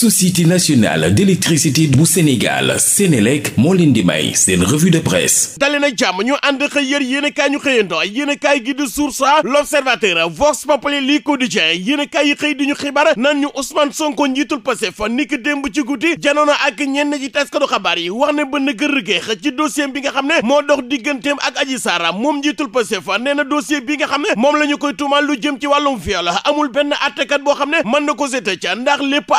société nationale d'électricité bu Sénégal Sénélec moo leen di may seen revue de presse dali na jàmm ñu ànd xëy yër yéenekaay ñu xëyandoo yéenekaay gi di Source A L'Observateur Vox Populi lii Quotidien yéenekaay yi xëy di ñu xibaar naan ñu Ousmane Sonko njiitul Pastef niki démb ci guddi janoona ak ñenn ci taskatu xabaar yi wax ne bënn gërëgeex ci dossier bi nga xam ne moo dox digganteem ak Adji Sarr moom njiitul Pastef nee na dossier bi nga xam moom la ñu koy tuumal lu jëm ci wàllum viol amul benn àttekat boo xam ne mën na ko ndax lépp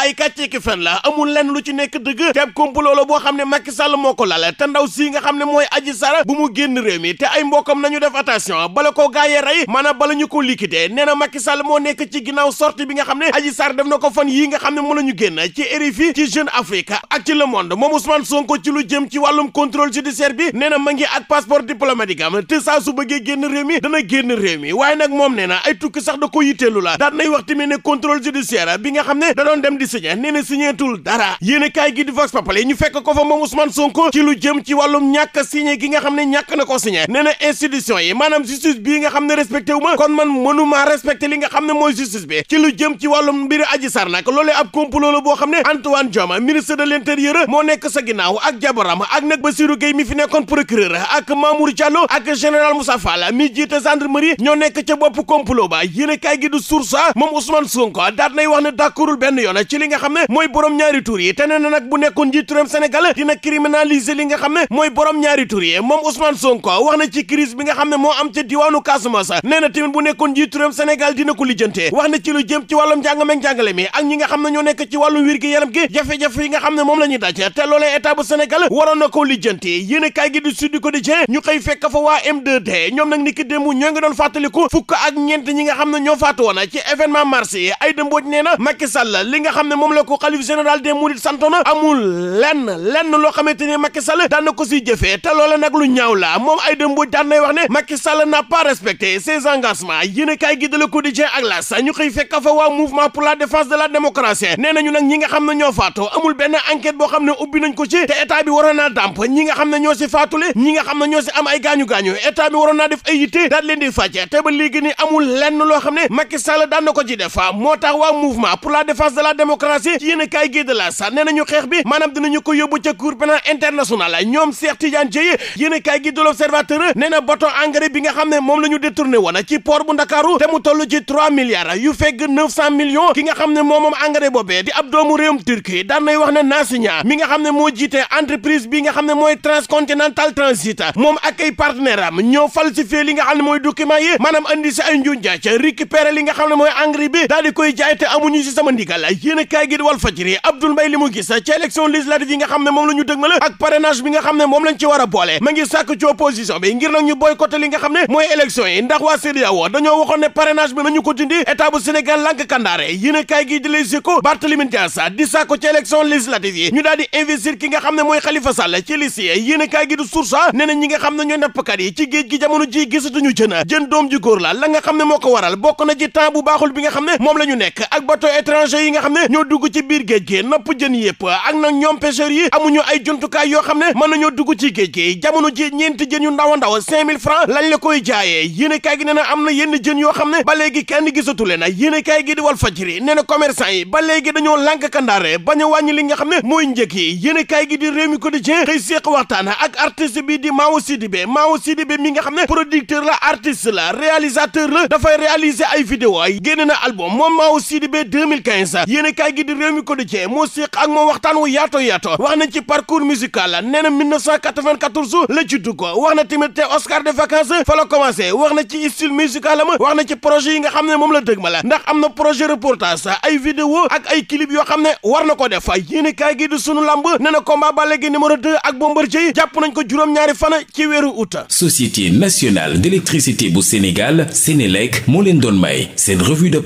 fukki fan la amul lenn lu ci nekk dëgg te ab la boo xam ne Macky Sall moo ko lal te ndaw si nga xam ne mooy Adji Sarr bu mu génn réew mi te ay mbokkam nañu def attention bala koo gaayee rey maanaam bala ñu ko liquider nee na Macky Sall moo nekk ci ginnaaw sortie bi nga xam ne Adji Sarr def na ko fan yi nga xam ne moo la ñu génn ci RFI ci Jeune Afrique ak ci Le Monde moom Ousmane Sonko ci lu jëm ci wàllum contrôle judiciaire bi nee na ma ngi ak passeport diplomatique am te dana génn réew mi waaye nag moom nee na ay tukki sax da ko yitteelu la daan wax tamit ne contrôle judiciaire nga xam ne da dem di signé nee ne dara yéen kaay gi di Vox Populi ñu fekk ko fa moom Ousmane Sonko ci lu jëm ci wàllum ñàkk a gi nga xam ne ñàkk na ko signé nee na institution yi maanaam justice bii nga xam ne respecté wu ma kon man mënuma respecté li nga xam ne mooy justice bi ci jëm ci wàllum mbiri Adji Sarr nag loolee ab complot boo xam ne Antoine Diome ministre de l'intérieur moo nekk sa ginnaaw ak jabaram ak nag Bassirou Gueye mi fi nekkoon procureur ak Mamour Diallo ak général Moussa mi jiite gendarmerie ñoo nekk ca bopp complot ba yéen gi du Source A moom Ousmane Sonko daat nay wax ne d'accordul benn yoon ci li nga xam ne mooy borom ñaari tur yi te nee na nag bu nekkoon njiitu réewum Sénégal dina criminaliser li nga xam ne mooy borom ñaari tur yi moom Ousmane Sonko wax na ci nga xam ne moo am ca diwaanu Casamance nee na tamit bu nekkoon njiitu réewum Sénégal dina ko lijjante wax jëm ci wàllum njàngam ak njàngale nga xam ne ñoo nekk ci wàllum wér gi yaram gi jafe nga xam ne moom la ñuy daj te loolee état bu Sénégal waroon na ko lijjanti yéen kaay gi du Sud Quotidien ñu xëy fekk fa waa M2D ñoom nag ni ki démb ñoo ngi doon fàttaliku fukk ak ñeent ñi nga xam ne ñoo faatu woon ci événement mars yi ay dëmbooj nee na Macky Sall li nga xam ne moom la ko xalif général des mourides santoon amul lenn lenn loo xamante ne Macky Sall daan na ko si jëfee te loola nag lu ñaaw la moom Aïda Mbodj daan nay wax ne Macky Sall n'a pas respecté ses engagements yéen a kaay gi de Le Quotidien ak L'As ñu koy fekk fa waa mouvement pour la défense de la démocratie nee nañu nag ñi nga xam ne ñoo faatu amul benn enquête boo xam ne ubbi nañ ko ci te état bi waroon naa ñi nga xam ne ñoo si faatule ñi nga xam ne ñoo si am ay gaañu-gaañu état bi waroon naa def ay yitte di fàcce léegi ni amul lenn loo xam ne Macky Sall daan na ko ci def moo tax waa mouvement pour la défense de la démocratie yéen a kaay gi de la sax nee nañu xeex bi maanaam dinañu ko yóbbu ca cour pénal international ñoom Cheikh Tidiane Dieye yéen a kaay gi de l'observateur nee bi nga xam ne moom la ñu détourné woon ci port bu Ndakaaru te mu toll ci trois milliards yu fegg neuf cent millions ki nga xam ne moom moom engrais boobee di ab doomu réewum Turquie daan nay wax ne Nasinya mi ne moo jiite entreprise bi nga xam ne mooy transcontinental transit moom ak ay partenaire am ñoo falsifié mooy document yi maanaam nga xam ne mooy engrais a Walfadjri xam ne moo ko waral bokk na ci temps baaxul bi nga xam ne moom la nekk ak bateau étranger yi nga xam ne ñoo dugg ci ci biir géej gi napp jën yëpp ak nag ñoom pêcheurs yi amuñu ay jumtukaay yoo xam ne mën nañoo dugg ci géej gi jamono ji ñeenti jën yu ndaw a ndaw cinq mille francs lañ la koy jaayee yéenekaay gi nee na am na yenn jën yoo xam ne ba léegi kenn gisatu leen yéenekaay gi di Walf Fadjri nee na commerçant yi ba léegi dañoo lànk kandaare bañ a wàññi nga xam ne mooy njëg yi yéenekaay gi di Rewmi Quotidien xëy séq di Mao Sidibé Mao Sidibé mi nga xam ne producteur la artiste la réalisateur la dafay réaliser ay vidéo mi quotidien moo séq ak moom waxtaan wu yaato yaato wax nañ ci parcours musical nee na 1994 la ci dugg wax na tamit te Oscar de vacances fa la wax na ci style musical am wax na ci projet yi nga xam ne moom la dëgmal ndax am na projet reportage ay vidéo ak ay clip yoo xam ne war na ko def yéen kaay gi di sunu lamb nee na combat Balla Gaye numéro 2 ak Bombardier jàpp nañ ko juróom-ñaari fan ci weeru août. Société nationale d'électricité bu Sénégal Sénélec moo leen doon may seen revue de